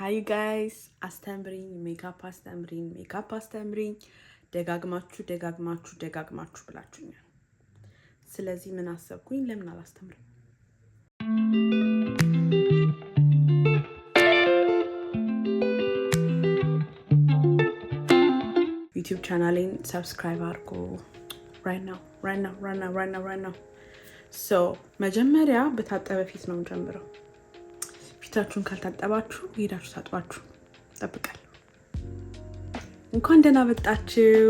ሀይ ጋይስ አስተምሪኝ፣ ሜካፕ አስተምሪኝ፣ ሜካፕ አስተምሪኝ ደጋግማችሁ ደጋግማችሁ ደጋግማችሁ ብላችሁኛል። ስለዚህ ምን አሰብኩኝ፣ ለምን አላስተምርም? ዩቲዩብ ቻናሌን ሰብስክራይብ አድርጎ ራይት ናው። መጀመሪያ በታጠበ ፊት ነው ጀምረው እጃችሁን ካልታጠባችሁ ሄዳችሁ ታጥባችሁ ጠብቃል። እንኳን ደህና መጣችሁ።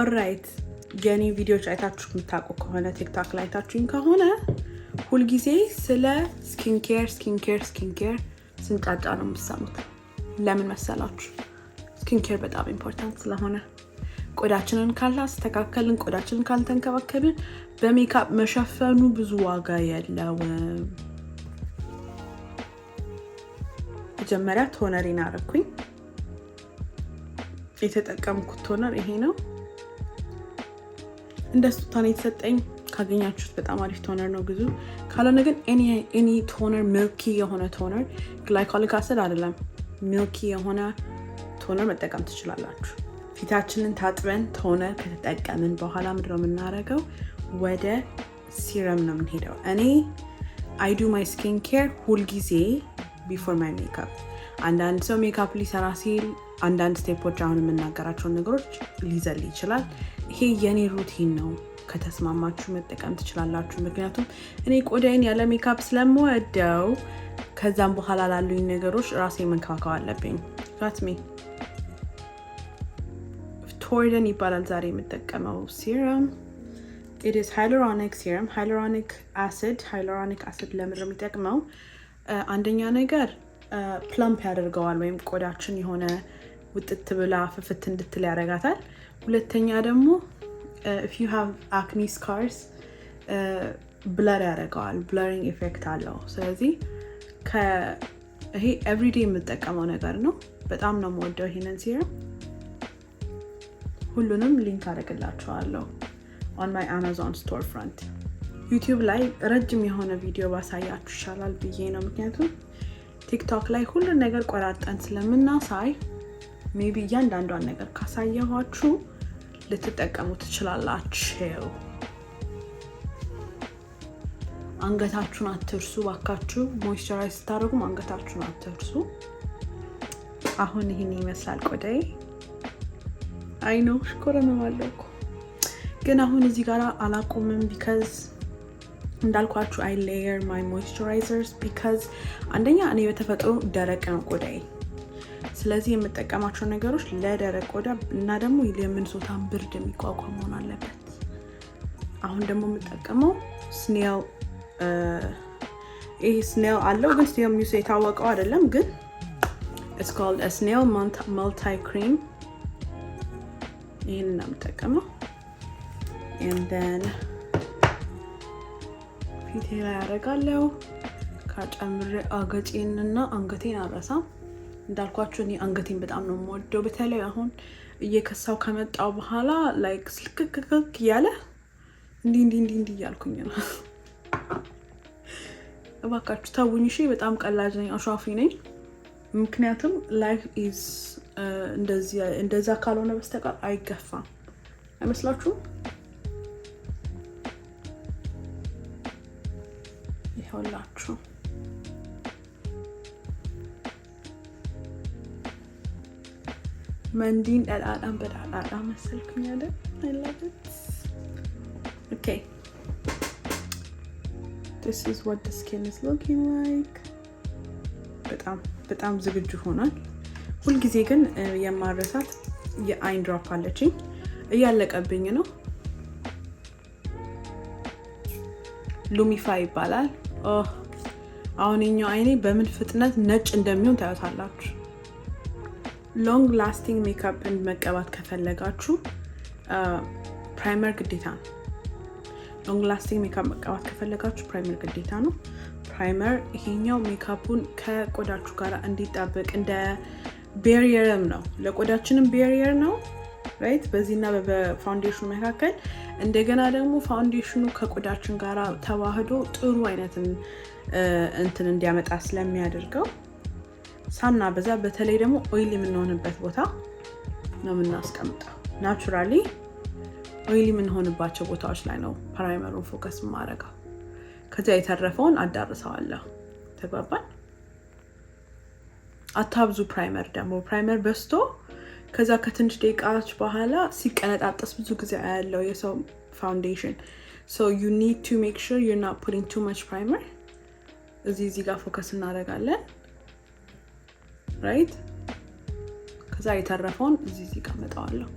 ኦራይት የኔ ቪዲዮዎች አይታችሁ የምታውቁ ከሆነ ቲክቶክ ላይ አይታችሁኝ ከሆነ ሁልጊዜ ስለ ስኪንኬር ስኪንኬር ስኪንኬር ስንጫጫ ነው የምትሰሙት። ለምን መሰላችሁ? ኬር በጣም ኢምፖርታንት ስለሆነ ቆዳችንን ካላስተካከልን ቆዳችንን ካልተንከባከብን በሜካፕ መሸፈኑ ብዙ ዋጋ የለውም። መጀመሪያ ቶነሪን አረኩኝ። የተጠቀምኩት ቶነር ይሄ ነው። እንደ ስጦታን የተሰጠኝ ካገኛችሁት በጣም አሪፍ ቶነር ነው ግዙ። ካልሆነ ግን ኤኒ ቶነር ሚልኪ የሆነ ቶነር ግላይኮሊክ አሲድ አይደለም፣ ሚልኪ የሆነ ቶነር መጠቀም ትችላላችሁ። ፊታችንን ታጥበን ቶነር ከተጠቀምን በኋላ ምንድን ነው የምናደርገው? ወደ ሲረም ነው የምንሄደው። እኔ አይዱ ማይ ስኪን ኬር ሁልጊዜ ቢፎር ማይ ሜካፕ። አንዳንድ ሰው ሜካፕ ሊሰራ ሲል አንዳንድ ስቴፖች፣ አሁን የምናገራቸውን ነገሮች ሊዘል ይችላል። ይሄ የኔ ሩቲን ነው። ከተስማማችሁ መጠቀም ትችላላችሁ። ምክንያቱም እኔ ቆዳዬን ያለ ሜካፕ ስለምወደው ከዛም በኋላ ላሉኝ ነገሮች ራሴ መንከባከብ አለብኝ። ራትሜ ቶርደን ይባላል ዛሬ የምጠቀመው ሲረም ኢት ሃይሎሮኒክ ሲረም ሃይሎሮኒክ አሲድ ሃይሎሮኒክ አሲድ ለምድር የሚጠቅመው አንደኛ ነገር ፕላምፕ ያደርገዋል ወይም ቆዳችን የሆነ ውጥት ብላ ፍፍት እንድትል ያደርጋታል። ሁለተኛ ደግሞ ኢፍ ዩ ሃቭ አክኒ ስካርስ ብለር ያደርገዋል። ብለሪንግ ኢፌክት አለው። ስለዚህ ይሄ ኤቭሪዴ የምጠቀመው ነገር ነው። በጣም ነው የምወደው ይሄንን ሲረም። ሁሉንም ሊንክ አደርግላቸዋለሁ ኦን ማይ አማዞን ስቶር ፍራንት ዩቲዩብ ላይ ረጅም የሆነ ቪዲዮ ባሳያችሁ ይሻላል ብዬ ነው። ምክንያቱም ቲክቶክ ላይ ሁሉን ነገር ቆራርጠን ስለምናሳይ ሜቢ እያንዳንዷን ነገር ካሳየኋችሁ ልትጠቀሙ ትችላላችሁ። አንገታችሁን አትርሱ ባካችሁ። ሞይስቸራይዝ ስታደርጉም አንገታችሁን አትርሱ። አሁን ይህን ይመስላል ቆዳዬ። አይ ነው ሽኮረመማለሁ እኮ ግን አሁን እዚህ ጋር አላቆምም ቢከዝ እንዳልኳችሁ አይ ሌየር ማይ ሞይስቸራይዘርስ ቢካዝ አንደኛ እኔ በተፈጥሮ ደረቅ ነው ቆዳዬ። ስለዚህ የምጠቀማቸው ነገሮች ለደረቅ ቆዳ እና ደግሞ የምንሶታን ብርድ የሚቋቋም መሆን አለበት። አሁን ደግሞ የምጠቀመው ስኔል ይህ ስኔል አለው ግን ስኔል ሚውስ የታወቀው አይደለም ግን ኢትስ ኮልድ ስኔል መልታይ ክሪም ይህን ነው የምጠቀመው። ፊቴ ላይ ያደርጋለሁ። ካጨምሬ አገጬንና አንገቴን አረሳ እንዳልኳቸው እኔ አንገቴን በጣም ነው የምወደው። በተለይ አሁን እየከሳው ከመጣው በኋላ ላይክ ስልክክክክ እያለ እንዲህ እንዲህ እንዲህ እንዲህ እያልኩኝ ነው። እባካችሁ ተውኝ እሺ። በጣም ቀላጅ ነኝ፣ አሸፊ ነኝ። ምክንያቱም ላይፍ ኢዝ እንደዛ ካልሆነ በስተቀር አይገፋም አይመስላችሁም? ያቅርቡላችሁ። መንዲን ጠላጣም በጣጣጣ መሰልኩኝ አይደል? አይላበት ኦኬ this is what the skin is looking like በጣም በጣም ዝግጁ ሆኗል። ሁልጊዜ ግን የማረሳት የአይን ድሮፕ አለችኝ እያለቀብኝ ነው። ሉሚፋ ይባላል። አሁን የኛው አይኔ በምን ፍጥነት ነጭ እንደሚሆን ታዩታላችሁ። ሎንግ ላስቲንግ ሜካፕ መቀባት ከፈለጋችሁ ፕራይመር ግዴታ ነው። ሎንግ ላስቲንግ ሜካፕ መቀባት ከፈለጋችሁ ፕራይመር ግዴታ ነው። ፕራይመር ይሄኛው ሜካፑን ከቆዳችሁ ጋር እንዲጣበቅ እንደ ቤሪየርም ነው፣ ለቆዳችንም ቤሪየር ነው ራይት። በዚህና በፋውንዴሽኑ መካከል እንደገና ደግሞ ፋውንዴሽኑ ከቆዳችን ጋር ተዋህዶ ጥሩ አይነትን እንትን እንዲያመጣ ስለሚያደርገው ሳና በዛ በተለይ ደግሞ ኦይል የምንሆንበት ቦታ ነው የምናስቀምጠው። ናቹራሊ ኦይል የምንሆንባቸው ቦታዎች ላይ ነው ፕራይመሩን ፎከስ ማድረገው። ከዚያ የተረፈውን አዳርሰዋለሁ። ተግባባን። አታብዙ ፕራይመር ደግሞ ፕራይመር በስቶ ከዛ ከትንሽ ደቂቃዎች በኋላ ሲቀነጣጠስ ብዙ ጊዜ ያለው የሰው ፋውንዴሽን ሶ ዩ ኒድ ቱ ሜክ ሹር ዩር ናት ፑቲንግ ቱ ማች ፕራይመር። እዚህ እዚህ ጋር ፎከስ እናደርጋለን ራይት። ከዛ የተረፈውን እዚ እዚህ ጋር መጠዋለሁ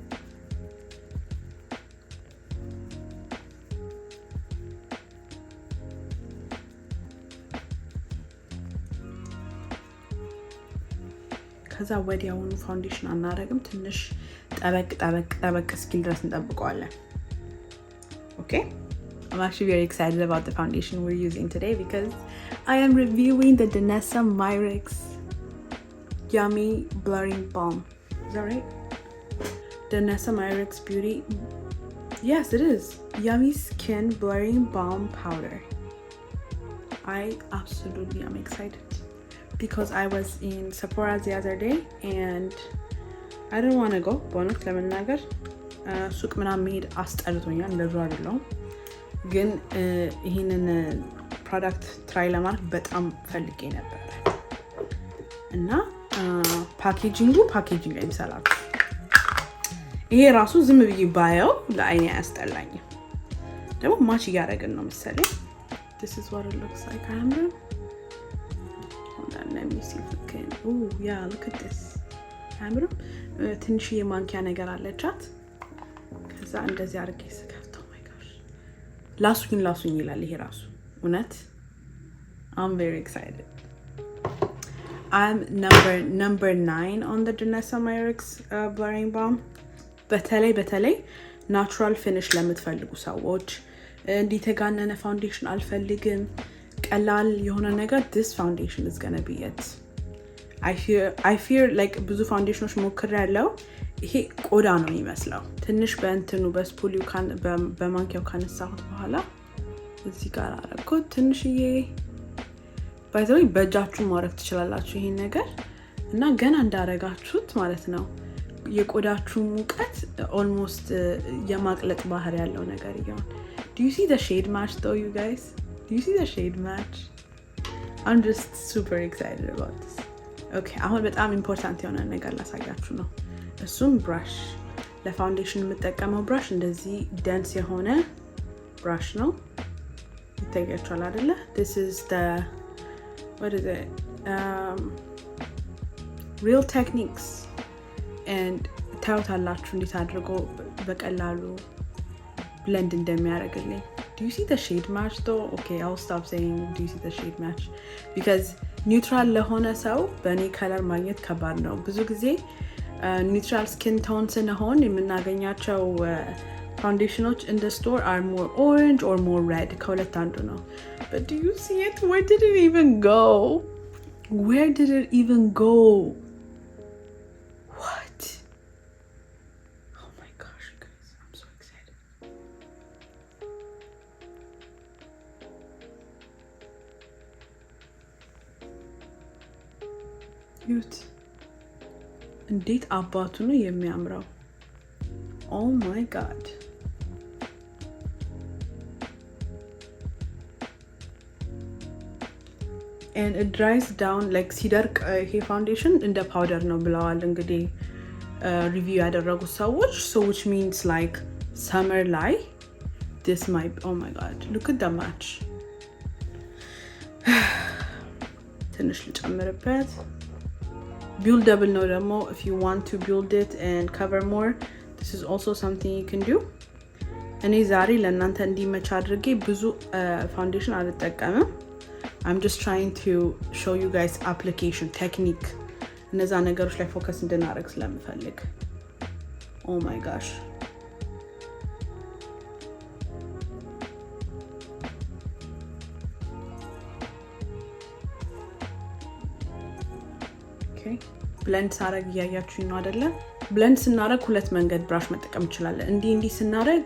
ከዛ ወዲያውኑ ፋውንዴሽን አናደርግም። ትንሽ ጠበቅ ጠበቅ ጠበቅ እስኪል ድረስ እንጠብቀዋለን። ኦኬ I'm actually very excited about the foundation we're using today because I am reviewing the Danessa Myricks Yummy Blurring Balm. Is that right? Danessa Myricks Beauty. Yes, it is. Yummy Skin Blurring Balm Powder. I absolutely am excited. because I was in Sephora the other day and I didn't want to go በእውነት ለመናገር ሱቅ ምናምን መሄድ አስጠልቶኛል። እንደዙ አይደለሁም ግን ይህንን ፕሮዳክት ትራይ ለማድረግ በጣም ፈልጌ ነበር እና ፓኬጂንጉ ፓኬጂንግ አይምሰላችሁ። ይሄ ራሱ ዝም ብዬ ባየው ለአይኔ አያስጠላኝም። ደግሞ ማች እያደረግን ነው መሰለኝ let me see if we can oh yeah look at this አያምርም? ትንሽዬ ማንኪያ ነገር አለቻት። ከዛ እንደዚህ አድርጌ ስከፍተው ማይ ጋር ላሱኝ ላሱኝ ይላል። ይሄ ራሱ እውነት አም ቬሪ ኤክሳይትድ አም ነምበር ናይን ኦን ደ ድነሳ ማይረክስ ብለሪንግ ባም በተለይ በተለይ ናቹራል ፊኒሽ ለምትፈልጉ ሰዎች እንዲህ የተጋነነ ፋውንዴሽን አልፈልግም ቀላል የሆነ ነገር ዲስ ፋውንዴሽን ኢዝ ገነ አይ ፊር ላይክ ብዙ ፋውንዴሽኖች ሞክር ያለው ይሄ ቆዳ ነው የሚመስለው። ትንሽ በእንትኑ በስፖሊው በማንኪያው ካነሳሁት በኋላ እዚ ጋር ትንሽ ትንሽዬ። ባይዘ በእጃችሁ ማድረግ ትችላላችሁ ይሄን ነገር እና ገና እንዳረጋችሁት ማለት ነው የቆዳችሁ ሙቀት ኦልሞስት የማቅለጥ ባህር ያለው ነገር እየሆን ዩ ሲ ሼድ ማች ዩ ጋይስ Do you see the shade match? I'm just super excited about this. ኦኬ አሁን በጣም ኢምፖርታንት የሆነ ነገር ላሳያችሁ ነው። እሱም ብራሽ ለፋውንዴሽን የምጠቀመው ብራሽ እንደዚህ ደንስ የሆነ ብራሽ ነው። ይታያችኋል አይደለ? ሪል ቴክኒክስ um, ታዩታላችሁ እንዴት አድርጎ በቀላሉ ብለንድ እንደሚያደርግልኝ do you see the shade match though? Okay, I'll stop saying do you see the shade match because neutral lehona saw bani color magnet kabar no buzugze neutral skin tones in a honey uh, minaganyacho foundation in the store are more orange or more red color kolatandono. But do you see it? Where did it even go? Where did it even go? ዩት እንዴት አባቱ ነው የሚያምረው! ኦ ማይ ጋድ ድራይስ ዳውን ላይክ ሲደርቅ uh, ይሄ ፋውንዴሽን እንደ ፓውደር ነው ብለዋል እንግዲህ ሪቪው uh, ያደረጉት ሰዎች ዊች ሚንስ ላይክ ሰመር ላይ ስ ማይ ማይ ጋድ ሉክ ትንሽ ልጨምርበት ደብል ነው ደግሞ ኢፍ ዩ ዋንት ቱ ቢውልድ ኢት ኤንድ ከቨር ሞር ዲስ ኢዝ ኦልሶ ሳምቲንግ ዩ ካን ዱ። እኔ ዛሬ ለእናንተ እንዲመች አድርጌ ብዙ ፋውንዴሽን አልጠቀምም። አም ጀስት ትራይንግ ቱ ሾው ዩ ጋይስ አፕሊኬሽን ቴክኒክ፣ እነዛ ነገሮች ላይ ፎከስ እንድናደርግ ስለምፈልግ ኦ ማይ ጋሽ ብለንድ ሳረግ እያያችሁኝ ነው አደለ? ብለንድ ስናረግ ሁለት መንገድ ብራሽ መጠቀም እንችላለን። እንዲህ እንዲህ ስናረግ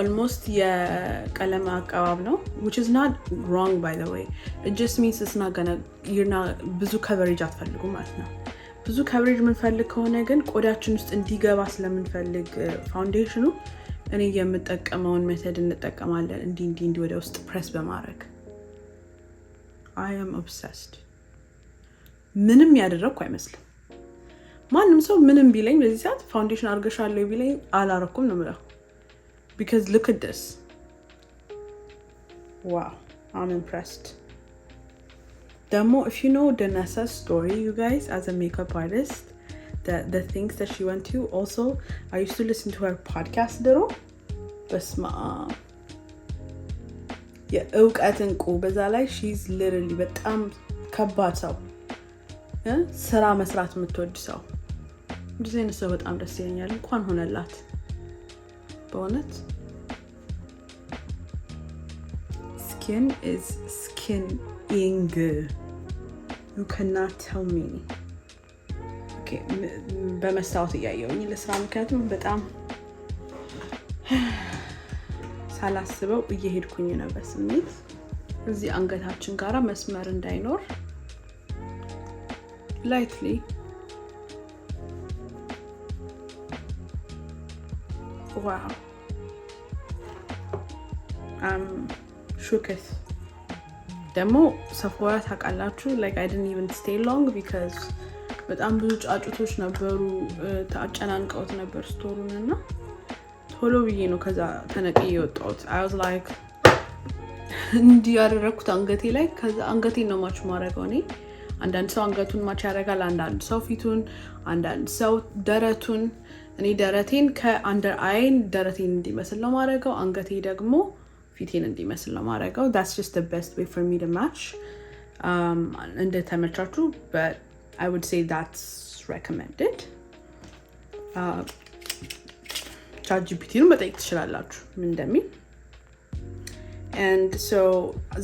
ኦልሞስት የቀለም አቀባብ ነው ዊች ኢዝ ናት ሮንግ ባይ ዘ ወይ እጅስ ሚንስ ስናገነ ብዙ ከቨሬጅ አትፈልጉ ማለት ነው። ብዙ ከቨሬጅ የምንፈልግ ከሆነ ግን ቆዳችን ውስጥ እንዲገባ ስለምንፈልግ ፋውንዴሽኑ እኔ የምጠቀመውን ሜተድ እንጠቀማለን። እንዲ እንዲ እንዲ ወደ ውስጥ ፕሬስ በማድረግ አይ አም ኦብሰስድ ምንም ያደረግኩ አይመስልም። ማንም ሰው ምንም ቢለኝ በዚህ ሰዓት ፋውንዴሽን አድርገሻለሁ ቢለኝ አላረኩም ነው የምለው። ቢካዝ ሉክ አት ዲስ ዋው አም ኢምፕረስድ። ደግሞ ኢፍ ዩ ኖ ደነሰ ስቶሪ ዩ ጋይስ አዝ አ ሜካፕ አርቲስት the, the things that she went to. Also, I used to listen to her podcast ድሮ በስማ የእውቀትን ቁ በዛ ላይ ሺዝ ሊትራሊ በጣም ከባድ ሰው ስራ መስራት የምትወድ ሰው እንደዚህ አይነት ሰው በጣም ደስ ይለኛል። እንኳን ሆነላት በእውነት ስኪን ኢዝ ስኪን ኢንግ ዩ ከናት ቴል ሚ በመስታወት እያየውኝ ለስራ ምክንያቱም በጣም ሳላስበው እየሄድኩኝ ነበር። ስሜት እዚህ አንገታችን ጋራ መስመር እንዳይኖር lightly wow ሹክት um, ደግሞ ሰፎራ ታውቃላችሁ ላይክ አይ ዲድንት ኢቨን ስቴይ ሎንግ ቢካዝ በጣም ብዙ ጫጩቶች ነበሩ አጨናንቀውት ነበር ስቶሩን እና ቶሎ ብዬ ነው ከዛ ተነቅ የወጣውት አይ ዋዝ ላይክ እንዲህ ያደረግኩት አንገቴ ላይ ከዛ አንገቴ ነው ማች ማድረገው እኔ አንዳንድ ሰው አንገቱን ማች ያደርጋል፣ አንዳንድ ሰው ፊቱን፣ አንዳንድ ሰው ደረቱን። እኔ ደረቴን ከአንደር አይን ደረቴን እንዲመስል ነው ማድረገው። አንገቴ ደግሞ ፊቴን እንዲመስል ነው ማድረገው። ዳትስ ጀስት ዘ ቤስት ዌይ ፎር ሚ ቱ ማች። እንደ ተመቻችሁ አይ ውድ ሴይ ዳትስ ሬኮመንድድ። ቻት ጂፒቲን መጠየቅ ትችላላችሁ ምን እንደሚል።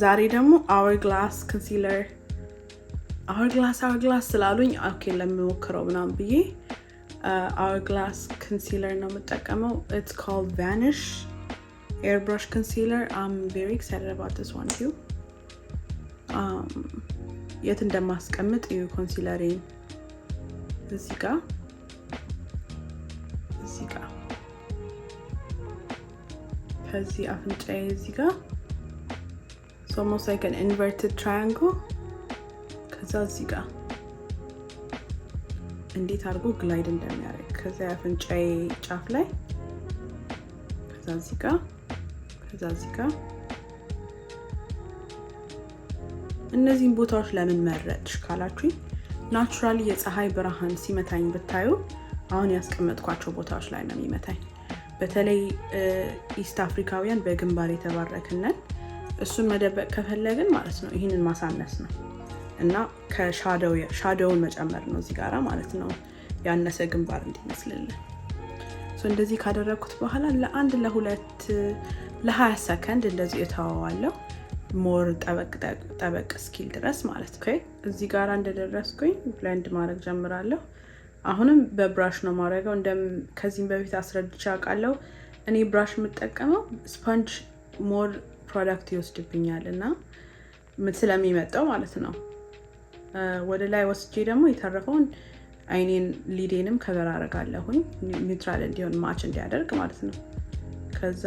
ዛሬ ደግሞ አወር ግላስ ኮንሲለር አወርግላስ አወርግላስ ስላሉኝ ኦኬ ለሚሞክረው ምናምን ብዬ አወርግላስ ኮንሲለር ነው የምጠቀመው። ኢትስ ኮልድ ቫኒሽ ኤርብራሽ ኮንሲለር አም ቬሪ ኤክሳይትድ አባት ስ ዋን ዩ የት እንደማስቀምጥ እዩ። ኮንሲለሬን እዚህ ጋ እዚህ ጋ ከዚህ አፍንጫዬ እዚህ ጋ ሶሞስ ላይክ አን ኢንቨርትድ ትራያንግል ከዛ እዚህ ጋር እንዴት አድርጎ ግላይድ እንደሚያደርግ ከዛ የአፍንጫዬ ጫፍ ላይ ከዛ እዚህ ጋር ከዛ እዚህ ጋር እነዚህን ቦታዎች ለምን መረጥሽ ካላችሁኝ ናቹራሊ የፀሐይ ብርሃን ሲመታኝ ብታዩ አሁን ያስቀመጥኳቸው ቦታዎች ላይ ነው የሚመታኝ። በተለይ ኢስት አፍሪካውያን በግንባር የተባረክነን እሱን መደበቅ ከፈለግን ማለት ነው ይህንን ማሳነስ ነው። እና ከሻዶውን መጨመር ነው እዚህ ጋራ ማለት ነው። ያነሰ ግንባር እንዲመስልልን እንደዚህ ካደረግኩት በኋላ ለአንድ ለሁለት ለሀያ ሰከንድ እንደዚህ እተወዋለሁ ሞር ጠበቅ ስኪል እስኪል ድረስ ማለት ነው። እዚህ ጋር እንደደረስኩኝ ብላይንድ ማድረግ ጀምራለሁ። አሁንም በብራሽ ነው ማድረገው። ከዚህም በፊት አስረድቼ አውቃለሁ። እኔ ብራሽ የምጠቀመው ስፖንጅ ሞር ፕሮዳክት ይወስድብኛል እና ስለሚመጣው ማለት ነው። ወደ ላይ ወስጄ ደግሞ የተረፈውን አይኔን ሊዴንም ከበር አረጋለሁኝ ኒውትራል እንዲሆን ማች እንዲያደርግ ማለት ነው። ከዛ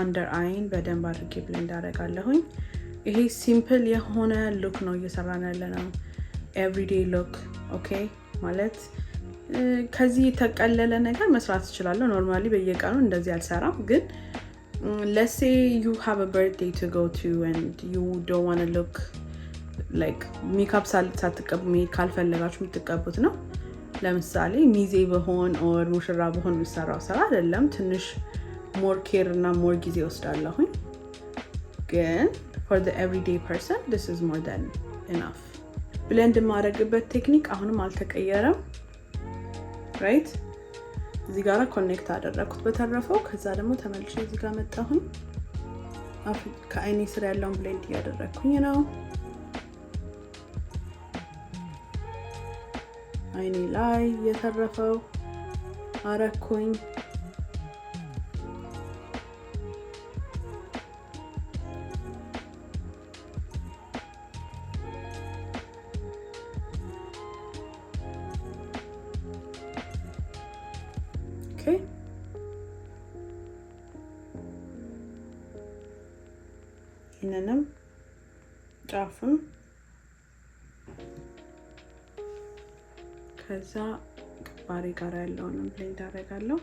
አንደር አይን በደንብ አድርጌ ብለ እንዳረጋለሁኝ ይሄ ሲምፕል የሆነ ሉክ ነው እየሰራን ያለ ነው። ኤቭሪዴ ሉክ ኦኬ ማለት ከዚህ የተቀለለ ነገር መስራት እችላለሁ። ኖርማሊ በየቀኑ እንደዚህ አልሰራም፣ ግን ለሴ ዩ ሃ በርትዴይ ቱ ጎ ቱ ን ዩ ዶን ዋን ሉክ ላይክ ሜካፕ ሳትቀቡ መሄድ ካልፈለጋችሁ የምትቀቡት ነው። ለምሳሌ ሚዜ በሆን ኦር ሙሽራ በሆን የሚሰራው ስራ አይደለም። ትንሽ ሞር ኬር እና ሞር ጊዜ ወስዳለሁኝ። ግን ፎር ዘ ኤቭሪዴይ ፐርሰን ዲስ ኢዝ ሞር ዛን ኢናፍ። ብለንድ የማደርግበት ቴክኒክ አሁንም አልተቀየረም። ራይት እዚህ ጋር ኮኔክት አደረግኩት በተረፈው። ከዛ ደግሞ ተመልሼ እዚህ ጋር መጣሁኝ። ከአይኔ ስር ያለውን ብሌንድ እያደረግኩኝ ነው። አይኔ ላይ የተረፈው አረኩኝ ጋር ያለውንም ፕሌንት አደርጋለሁ።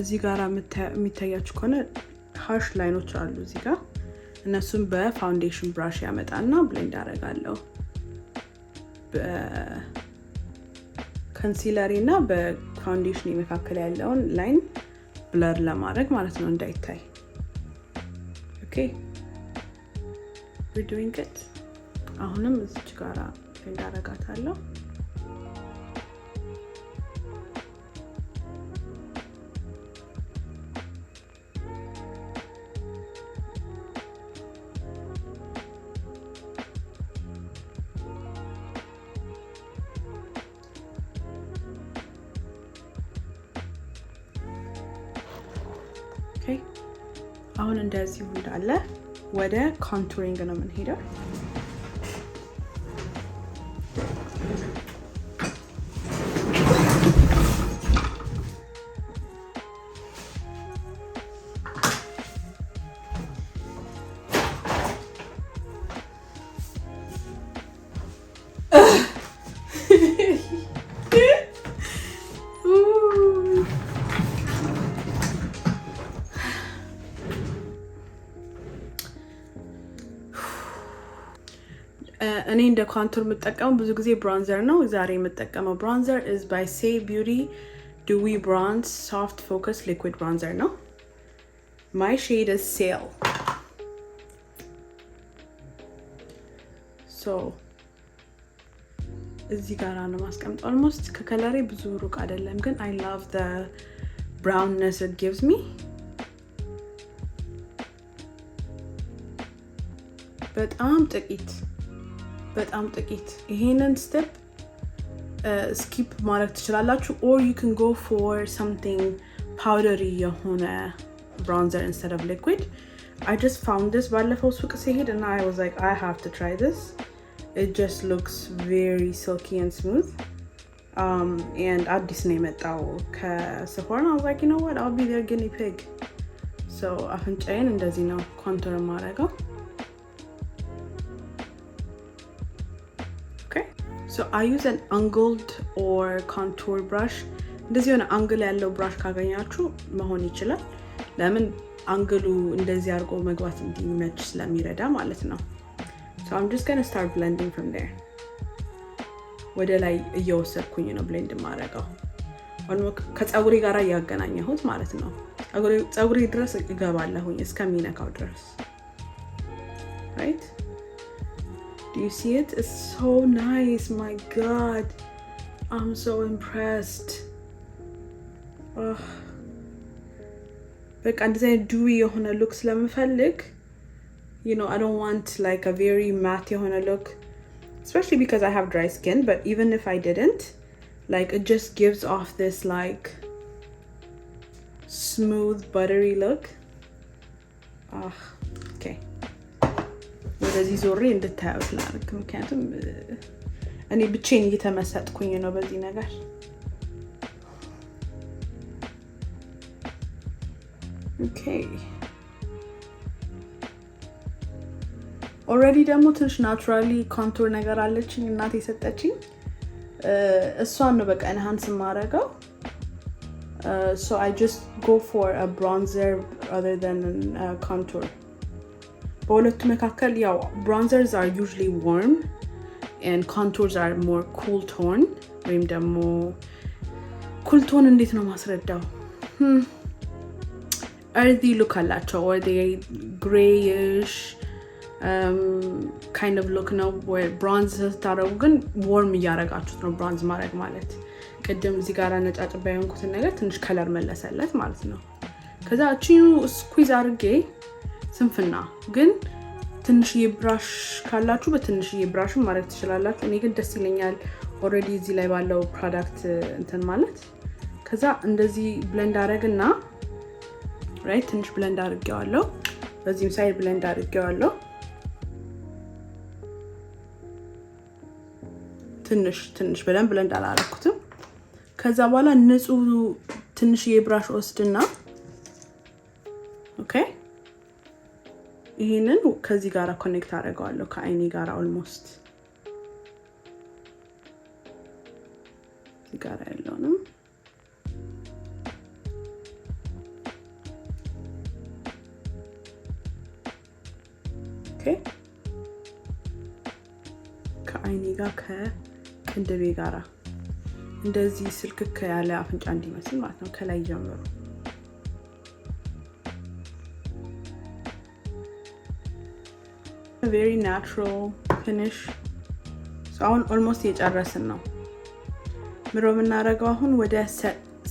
እዚህ ጋር የሚታያችሁ ከሆነ ሀሽ ላይኖች አሉ እዚህ ጋር እነሱም በፋውንዴሽን ብራሽ ያመጣና ብሌንድ አደርጋለሁ። በከንሲለሪ እና በፋውንዴሽን መካከል ያለውን ላይን ብለር ለማድረግ ማለት ነው እንዳይታይ ኦኬ። ሪዱዊንግት አሁንም እዚች ጋራ ፌድ አረጋታለሁ። አሁን እንደዚሁ እንዳለ ወደ ኮንቱሪንግ ነው የምንሄደው። እኔ እንደ ኳንቱር የምጠቀመው ብዙ ጊዜ ብራንዘር ነው። ዛሬ የምጠቀመው ብራንዘር ኢዝ ባይ ሴ ቢዩቲ ዱዊ ብራንዝ ሶፍት ፎከስ ሊኩዊድ ብራንዘር ነው። ማይ ሼድ ኢዝ ሴል ሶ እዚህ ጋር ነው ማስቀምጠው። ኦልሞስት ከከለሬ ብዙ ሩቅ አይደለም፣ ግን አይ ላቭ ዘ ብራውንነስ ኢት ጊቭስ ሚ በጣም ጥቂት በጣም ጥቂት። ይሄንን ስቴፕ ስኪፕ ማድረግ ትችላላችሁ። ኦር ዩ ካን ጎ ፎር ሰምቲንግ ፓውደሪ የሆነ ብራውንዘር ኢንስቴድ ኦፍ ሊኩድ አይ ጀስት ፋውንድ ዲስ ባለፈው ሱቅ ሲሄድ እና አይ ዋዝ ላይክ አይ ሃቭ ቱ ትራይ ዲስ ኢት ጀስት ሉክስ ቬሪ ሲልኪ ኤንድ ስሙዝ ኤንድ አዲስ ነው የመጣው ከስሆን አዛኪ ነው ወድ አቢ ዴር ጊኒ ፒግ ሶ አፍንጫዬን እንደዚህ ነው ኮንቱር ማድረገው አይ ዩዝ አን አንግልድ ኦር ኮንቱር ብራሽ። እንደዚህ የሆነ አንግል ያለው ብራሽ ካገኛችሁ መሆን ይችላል። ለምን አንግሉ እንደዚህ አድርጎ መግባት እንዲመች ስለሚረዳ ማለት ነው። አም ጀስት ገና ስታርት ብለንዲንግ ፍሮም ዴር ወደ ላይ እየወሰድኩኝ ነው ብሌንድ የማደርገው ከፀጉሬ ጋር እያገናኘሁት ማለት ነው። ፀጉሬ ድረስ እገባለሁኝ እስከሚነካው ድረስ ራይት do you see it it's so nice my god i'm so impressed በቃ እንደዚህ አይነት ዱዊ የሆነ ሉክ ስለምፈልግ you know i don't want like a very mattey matte የሆነ look especially because i have dry skin but even if i didn't like it just gives off this like smooth buttery look Ugh. ወደዚህ ዞሬ እንድታየው ላድርግ። ምክንያቱም እኔ ብቼን እየተመሰጥኩኝ ነው በዚህ ነገር። ኦረዲ ደግሞ ትንሽ ናቹራሊ ኮንቱር ነገር አለችኝ እናቴ የሰጠችኝ እሷን ነው በቃ ንሃንስ ማድረገው ሶ አይ ጀስት ጎ ፎር ብሮንዘር አዘር ዛን ኮንቱር በሁለቱ መካከል ያው ብራንዘርስ አር ዩዥሊ ዋርም ን ኮንቶርስ አር ሞር ኩል ቶን ወይም ደግሞ ኩል ቶን እንዴት ነው ማስረዳው? እርዚ ሉክ አላቸው ወር ግሬይሽ ካይንድ ኦፍ ሉክ ነው። ብሮንዝ ስታደረጉ ግን ዎርም እያረጋችሁት ነው። ብሮንዝ ማድረግ ማለት ቅድም እዚህ ጋር ነጫጭባ የሆንኩትን ነገር ትንሽ ከለር መለሰለት ማለት ነው። ከዛ ቺኑ ስኩዝ አድርጌ ስንፍና ግን ትንሽዬ ብራሽ ካላችሁ በትንሽዬ ብራሽ ማድረግ ትችላላችሁ። እኔ ግን ደስ ይለኛል ኦልሬዲ እዚህ ላይ ባለው ፕሮዳክት እንትን ማለት ከዛ እንደዚህ ብለንድ አረግና ራይት ትንሽ ብለንድ አድርጌዋለሁ። በዚህም ሳይድ ብለንድ አድርጌዋለሁ። ትንሽ ትንሽ በደንብ ብለንድ አላረኩትም። ከዛ በኋላ ንጹህ ትንሽዬ ብራሽ ወስድና ኦኬ ይሄንን ከዚህ ጋር ኮኔክት አደርገዋለሁ ከአይኔ ጋር ኦልሞስት እዚህ ጋር ያለውንም ከአይኔ ጋር ከቅንድቤ ጋራ እንደዚህ ስልክክ ያለ አፍንጫ እንዲመስል ማለት ነው። ከላይ ጀምሮ ቬሪ ናቹራል ፊኒሽ። አሁን ኦልሞስት እየጨረስን ነው። ምሮ የምናደርገው አሁን ወደ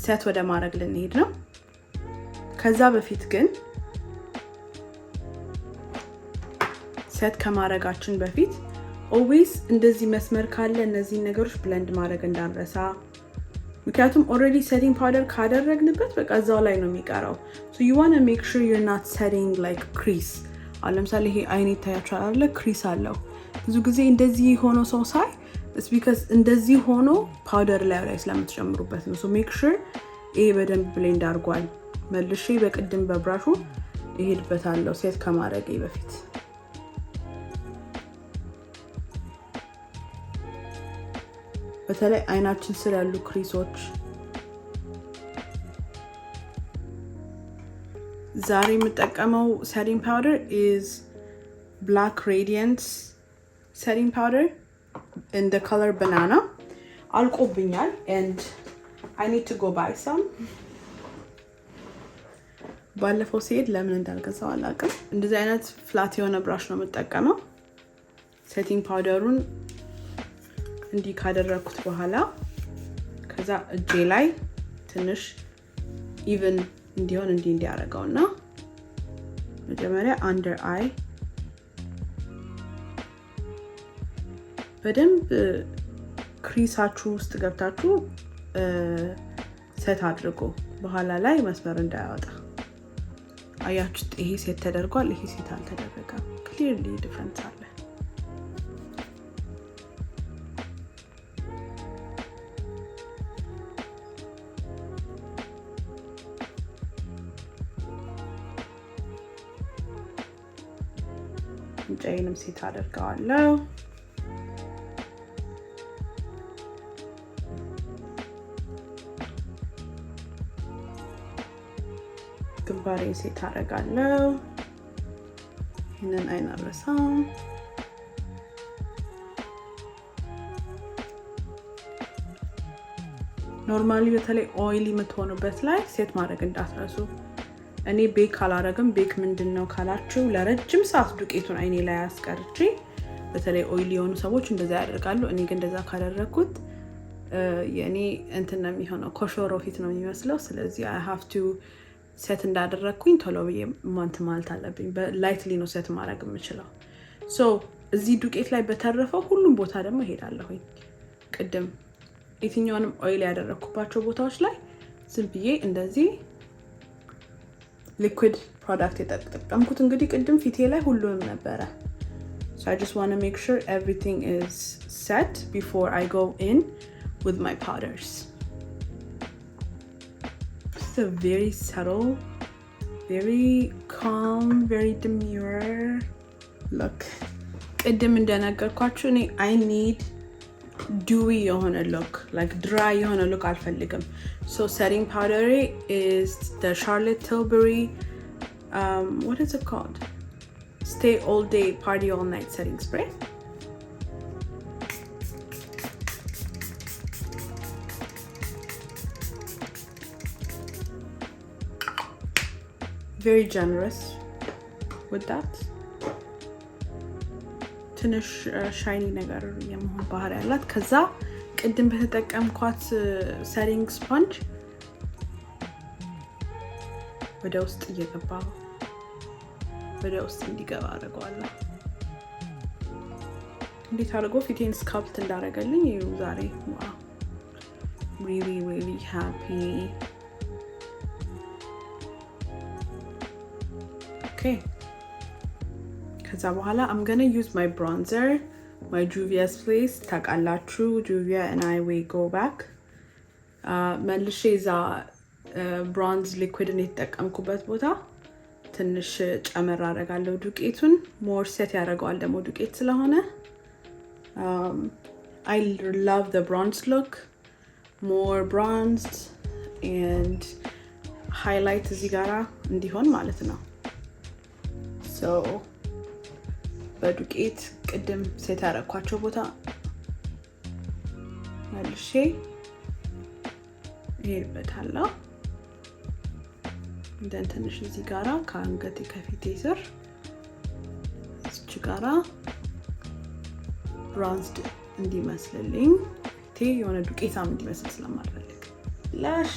ሴት ወደ ማድረግ ልንሄድ ነው። ከዛ በፊት ግን ሴት ከማድረጋችን በፊት ኦልዌይስ እንደዚህ መስመር ካለ እነዚህን ነገሮች ብለንድ ማድረግ እንዳንረሳ። ምክንያቱም ኦልሬዲ ሴቲንግ ፓውደር ካደረግንበት በቃ እዛው ላይ ነው የሚቀረው። ዩ ዋን ሜክ ሹር ዩር ናት ሴቲንግ ላይክ ክሪስ አሁን ለምሳሌ ይሄ አይን ይታያችኋል አለ ክሪስ አለው። ብዙ ጊዜ እንደዚህ የሆነ ሰው ሳይ ስቢከስ እንደዚህ ሆኖ ፓውደር ላይ ላይ ስለምትጨምሩበት ነው። ሜክ ሹር ይሄ በደንብ ብሌንድ አድርጓል። መልሼ በቅድም በብራሹ ይሄድበታለሁ ሴት ከማድረጌ በፊት በተለይ አይናችን ስር ያሉ ክሪሶች ዛሬ የምጠቀመው ሰሪን ፓውደር ኢዝ ብላክ ሬዲየንስ ሰሪን ፓውደር ኢን ደ ከለር ባናና አልቆብኛል ኤንድ አይ ኒድ ቱ ጎ ባይ ሰም ባለፈው ሲሄድ ለምን እንዳልገዛው አላውቅም። እንደዚህ አይነት ፍላት የሆነ ብራሽ ነው የምጠቀመው። ሴቲንግ ፓውደሩን እንዲህ ካደረግኩት በኋላ ከዛ እጄ ላይ ትንሽ ኢቭን እንዲሆን እንዲ እንዲያደርገው እና መጀመሪያ አንደር አይ በደንብ ክሪሳችሁ ውስጥ ገብታችሁ ሴት አድርጎ በኋላ ላይ መስመር እንዳያወጣ አያችሁት? ይሄ ሴት ተደርጓል፣ ይሄ ሴት አልተደረገም። ክሊርሊ ዲፍረንስ አለ። ቀይንም ሴት አደርገዋለሁ። ግንባሬ ሴት አደርጋለሁ። ይህንን አይናረሳም። ኖርማሊ በተለይ ኦይል የምትሆኑበት ላይ ሴት ማድረግ እንዳትረሱ። እኔ ቤክ አላረግም። ቤክ ምንድን ነው ካላችሁ ለረጅም ሰዓት ዱቄቱን አይኔ ላይ አስቀርቼ፣ በተለይ ኦይል የሆኑ ሰዎች እንደዛ ያደርጋሉ። እኔ ግን እንደዛ ካደረግኩት የእኔ እንትን ነው የሚሆነው፣ ኮሾሮ ፊት ነው የሚመስለው። ስለዚህ አይ ሀቭ ቱ ሴት እንዳደረግኩኝ ቶሎ ብዬ ማንት ማለት አለብኝ። ላይትሊ ነው ሴት ማድረግ የምችለው። ሶ እዚህ ዱቄት ላይ በተረፈው ሁሉም ቦታ ደግሞ እሄዳለሁኝ። ቅድም የትኛውንም ኦይል ያደረግኩባቸው ቦታዎች ላይ ዝም ብዬ እንደዚህ ሊኩዊድ ፕሮዳክት የተጠቀምኩት እንግዲህ ቅድም ፊቴ ላይ ሁሉንም ነበረ። ሶ አይ ጀስት ዋንት ሜክ ሹር ኤቭሪቲንግ ኢዝ ሴት ቢፎር አይ ጎ ኢን ዊዝ ማይ ፓውደርስ ቬሪ ሰትል ቬሪ ካም ቬሪ ዲሚር ሉክ። ቅድም እንደነገርኳችሁ እኔ አይ ኒድ ዱዊ የሆነ ሉክ ላይክ ድራይ የሆነ ሉክ አልፈልግም። ሶ ሰቲንግ ፓውደሬ ኢዝ ደ ሻርሎት ቲልበሪ ዋት ኢዝ ኢት ኮልድ ስቴይ ኦል ዴይ ፓርቲ ኦል ናይት ሰቲንግ ስፕሬይ very generous with that ትንሽ ሻይኒ ነገር የመሆን ባህሪ ያላት። ከዛ ቅድም በተጠቀምኳት ሰሪንግ ስፖንጅ ወደ ውስጥ እየገባ ወደ ውስጥ እንዲገባ አድርገዋለሁ። እንዴት አድርጎ ፊቴን ስካልፕት እንዳደረገልኝ ይኸው ዛሬ ሪሊ ሪሊ ሃፒ ኦኬ። ከዛ በኋላ አምገነ ዩዝ ማይ ብሮንዘር ማይ ጁቪያስ ፕሌስ ታውቃላችሁ፣ ጁቪያ ን አይ ዌይ ጎ ባክ መልሼ እዛ ብሮንዝ ሊኩድን የተጠቀምኩበት ቦታ ትንሽ ጨመር አደርጋለሁ ዱቄቱን። ሞር ሴት ያደርገዋል ደግሞ ዱቄት ስለሆነ። አይ ላቭ ዘ ብሮንዝ ሉክ ሞር ብሮንዝ ኤንድ ሃይላይት እዚህ ጋራ እንዲሆን ማለት ነው። በዱቄት ቅድም ሴት ያረኳቸው ቦታ መልሼ ይሄድበታለሁ። እንደን ትንሽ እዚህ ጋራ ከአንገቴ ከፊቴ ስር እዚች ጋራ ብራንስድ እንዲመስልልኝ ቴ የሆነ ዱቄታም እንዲመስል ስለማልፈልግ ብላሽ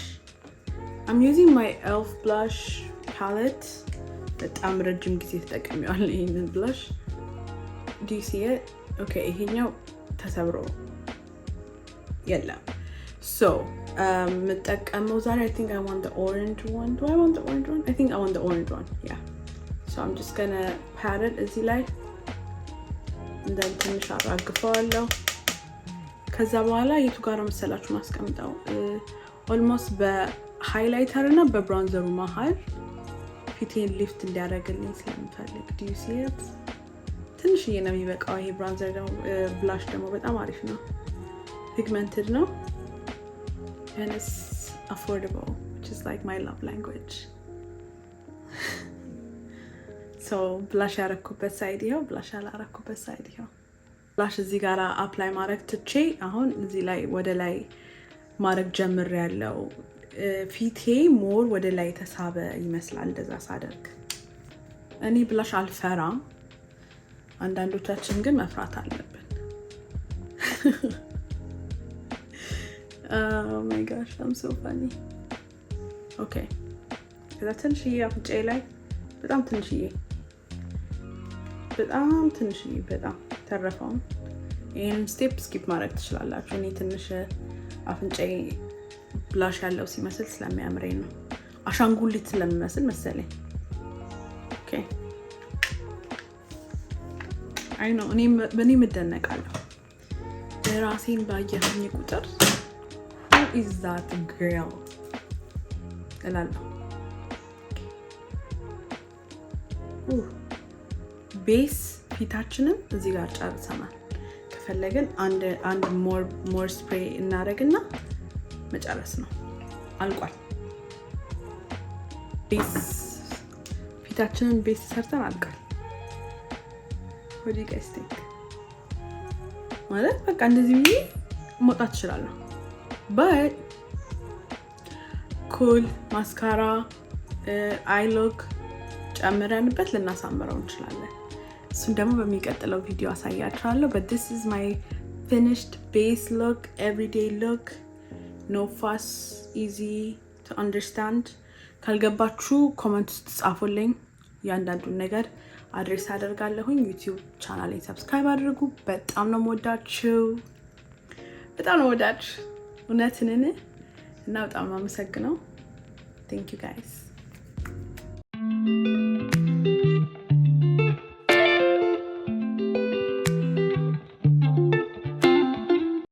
አም ዩዚንግ ማይ ኤልፍ ብላሽ ፓለት በጣም ረጅም ጊዜ ተጠቀሚዋል ይህንን ብላሽ ዲሲ ኦኬ፣ ይሄኛው ተሰብሮ የለም። ሶ um, የምጠቀመው ዛሬ አይ ቲንክ አይ ዋንት ዘ ኦሬንጅ ዋን ዱ አይ ዋንት ዘ ኦሬንጅ ዋን አይ ቲንክ አይ ዋንት ዘ ኦሬንጅ ዋን ያ ሶ አም ጀስት ገነ ፓድ ኢት እዚህ ላይ እንደን ትንሽ አራግፈዋለሁ። ከዛ በኋላ የቱ ጋር መሰላችሁ ማስቀምጠው ኦልሞስት uh, በሃይላይተር እና በብራንዘሩ መሀል ፊቴን ሊፍት እንዲያደርግልኝ ስለምፈልግ ዲዩሲየት ትንሽዬ ነው የሚበቃው። ይሄ ብራንዘር ደግሞ ብላሽ ደግሞ በጣም አሪፍ ነው። ፒግመንትድ ነው ንስ አፎርዳብል ላይክ ማይ ላቭ ላንጉዌጅ ብላሽ ያረኩበት ሳይድ ይኸው፣ ብላሽ ያላረኩበት ሳይድ ይኸው። ብላሽ እዚህ ጋር አፕላይ ማድረግ ትቼ አሁን እዚህ ላይ ወደ ላይ ማድረግ ጀምር ያለው ፊቴ ሞር ወደ ላይ ተሳበ ይመስላል። እንደዛ ሳደርግ እኔ ብላሽ አልፈራም። አንዳንዶቻችን ግን መፍራት አለብን። ማይ oh ኦኬ። ከዛ ትንሽዬ አፍንጫዬ ላይ በጣም ትንሽዬ በጣም ትንሽዬ በጣም ተረፈውን ይህንን ስቴፕ ስኪፕ ማድረግ ትችላላችሁ። እኔ ትንሽ አፍንጫዬ ብላሽ ያለው ሲመስል ስለሚያምረኝ ነው። አሻንጉሊት ስለሚመስል መሰለኝ አይ ነው እኔ ምደነቃለሁ። ራሴን ባየሁኝ ቁጥር ኢዛት ግርል እላለሁ። ቤስ ፊታችንን እዚህ ጋር ጨርሰናል። ከፈለግን አንድ ሞር ስፕሬ እናደርግና መጨረስ ነው። አልቋል። ቤስ ፊታችንን ቤስ ሰርተን አልቃል። what do ማለት በቃ እንደዚህ ብዬ መውጣት እችላለሁ። ባይ ኩል ማስካራ አይሎክ ጨምረንበት ልናሳምረው እንችላለን። እሱን ደግሞ በሚቀጥለው ቪዲዮ አሳያችኋለሁ። በት ኢዝ ማይ ፊኒሽድ ቤስ ሎክ ኤቭሪዴይ ሎክ ኖ ፋስ ኢዚ ቱ አንደርስታንድ። ካልገባችሁ ኮመንት ውስጥ ጻፉልኝ ያንዳንዱን ነገር አድሬስ አደርጋለሁኝ። ዩቲዩብ ቻናሌን ሰብስክራይብ አድርጉ። በጣም ነው መወዳችሁ፣ በጣም ነው መወዳችሁ እውነትንን እና በጣም ነው አመሰግነው። ቴንክ ዩ ጋይስ